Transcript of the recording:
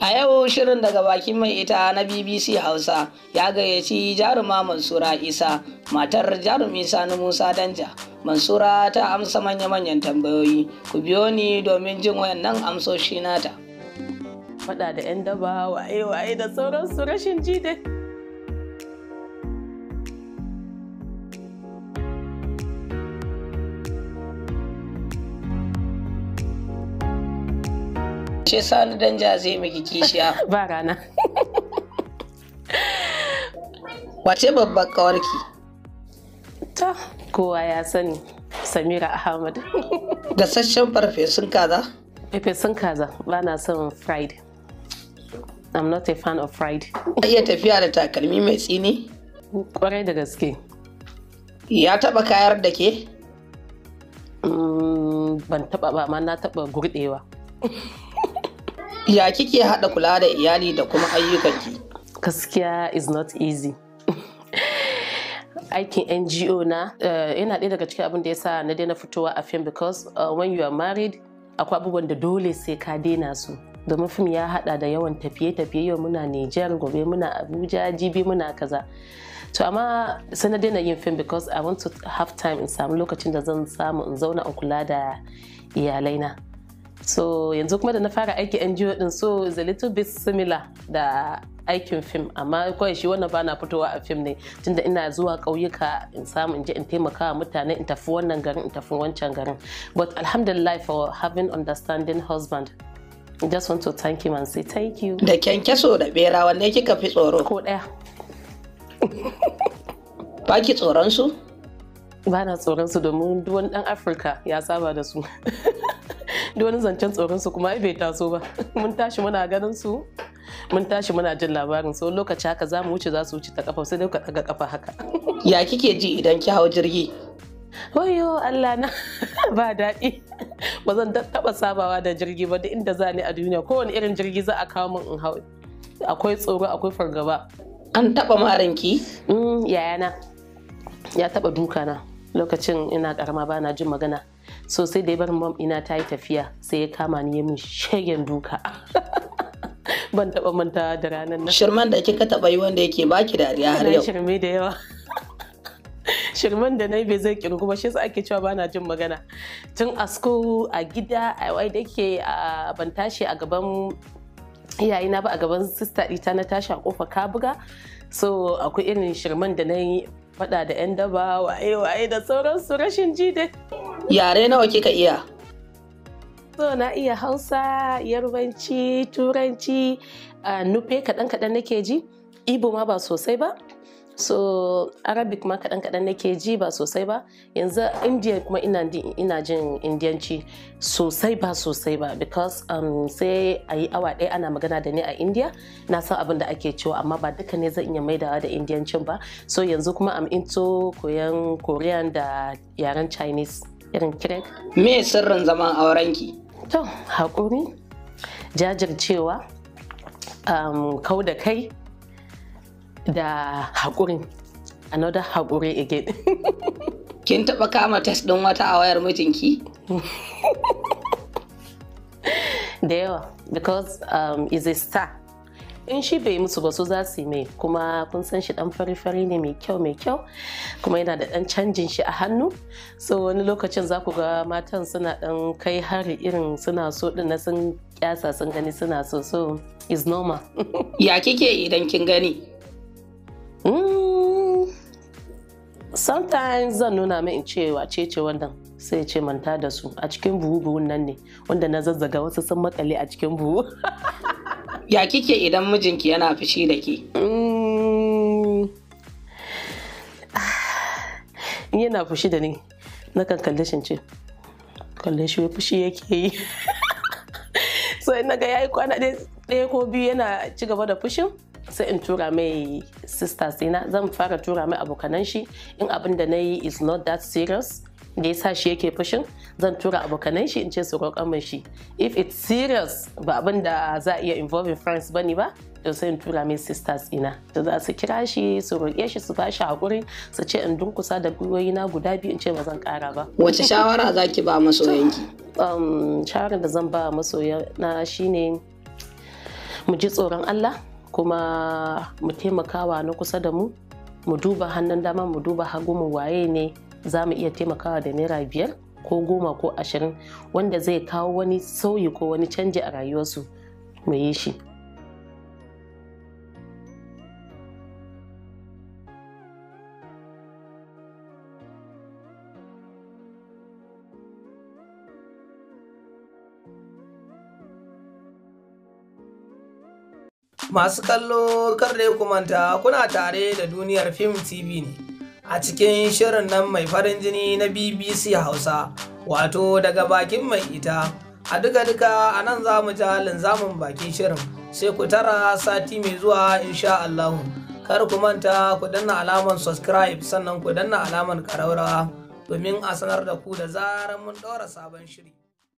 A yau shirin daga bakin mai ita na BBC Hausa ya gayyaci jaruma Mansura Isa, matar jarumi Sani Musa Danja. Mansura ta amsa manya-manyan tambayoyi, ku biyo ni domin jin wayannan amsoshi nata. Faɗa da 'yan daba waye-waye da sauransu rashin ji dai. ce sani dan ja zai miki kishiya ba rana wace babban kawarki ta kowa ya sani samira ahmad da sashen farfesun kaza farfesun kaza ba na son fried i'm not a fan of fried iya tafiya da takalmi mai tsini kwarai da gaske ya taba kayar da ke mm, ban taba ba ma na taba gurdewa Ya kike haɗa kula da iyali da kuma ayyukanki? Gaskiya is not easy. aikin NGO na eh, yana ɗaya daga cikin abin da ya sa na daina fitowa a fim because eh, when you are married akwai abubuwan da dole sai ka daina su. domin fim ya hada da yawan tafiye-tafiye yau muna Nijar gobe muna Abuja jibi muna kaza to amma sai na daina yin fim because I want to have time in samu lokacin da zan samu in zauna in kula da iyalaina so yanzu kuma da na fara aiki NGO din so is a little bit similar da aikin fim amma kawai shi wannan bana fitowa a fim ne tunda ina zuwa ƙauyuka in samu in je in taimaka wa mutane in tafi wannan garin in tafi wancan garin but alhamdulillah for having understanding husband I just want to thank him and say thank you da kyankyaso da bera wanne kika fi tsoro ko daya ba ki tsoron su ba na tsoron su domin duk wani dan afirka ya saba da su wani zancen tsoron su kuma ai bai taso ba mun tashi muna ganin su mun tashi muna jin labarin su lokaci haka za mu wuce za su wuce ta kafa sai dai ka daga kafa haka ya kike ji idan ki hau jirgi wayo Allah na ba daɗi ba zan taɓa sabawa da jirgi ba da inda za ni a duniya kowane irin jirgi za a kawo min in hau akwai tsoro akwai fargaba an taɓa maranki mm, yayana ya taɓa dukana lokacin ina karama bana jin magana so sai da ya bar mom ina ta yi tafiya sai ya kama ni ya min shegen duka ban taba manta da ranar nan shirman da kika taba yi wanda yake baki dariya har yau shirme da yawa shirman da na bai zai kiru ba shi ake cewa bana jin magana tun a school a gida a wai da ke ban tashi a gaban na ba a gaban sista ita na tashi a kofa ka buga so akwai irin shirman da na yi fada da yan daba waye waye da sauransu rashin ji dai Yare nawa kika iya? So na iya Hausa, Yarbanci, Turanci, uh, Nufe kaɗan-kaɗan nake ji, Ibo ma ba sosai ba. so arabic ma kaɗan kaɗan nake ji ba sosai ba yanzu indian kuma ina, ina jin indiyanci sosai ba sosai ba because um, sai a yi awa ɗaya ana magana da ni a india na san abin da ake cewa amma ba duka ne zan iya maidawa da indiyancin ba so yanzu kuma am into koyan korean da yaren chinese irin kirek. Me sirrin zaman aurenki? To, haƙuri, jajircewa, um, kau da kai da haƙuri. Another haƙuri again. Kin taɓa kama test ɗin wata a wayar mijinki? da yawa, because um, is a star. in shi bai musu ba su za su yi mai kuma kun san shi dan fari-fari ne mai kyau mai kyau kuma yana da dan canjin shi a hannu so wani lokacin za ku ga matan suna dan kai hari irin suna so din na sun kyasa sun gani suna so so is normal ya kike idan kin gani hmm. sometimes zan nuna min in ce wace wannan sai ce manta da su a cikin buhu buhun nan ne wanda na zazzaga wasu sun makale a cikin buhu ya kike idan mijinki yana fushi da ke mm. yana fushi da ni na kan kalle shi ce kalle shi fushi yake yi so in naga yayi kwana ɗaya ko biyu yana ci gaba da fushin sai in tura mai sisters ina zan fara tura mai abokanan shi in abin da na yi is not that serious da ya sa shi yake fushin zan tura abokanan shi in ce su roƙon min shi if it's serious ba abin da za a iya involving friends bane ba to sai in tura min sisters ina to za su kira shi su roƙe shi su bashi haƙuri su ce in dunkusa da gwiwoyi na guda biyu in ce ba zan ƙara ba wace shawara za ki ba masoyanki um, shawarar da zan ba masoya na shine mu ji tsoron Allah kuma mu taimakawa na kusa da mu mu duba hannun dama mu duba hagu mu waye ne za mu iya taimakawa da naira biyar ko goma ko ashirin wanda zai kawo wani sauyi ko wani canji a rayuwarsu mu yi shi Masu kallo kar da ya kumanta kuna tare da duniyar Film TV ne. a cikin shirin nan mai farin jini na bbc hausa wato daga bakin mai ita a duka-duka a nan za mu halin zamun bakin shirin sai ku tara sati mai zuwa insha allahu kar ku manta ku danna alamar subscribe sannan ku danna alamar karaurawa domin a sanar da ku da zarar mun ɗora sabon shiri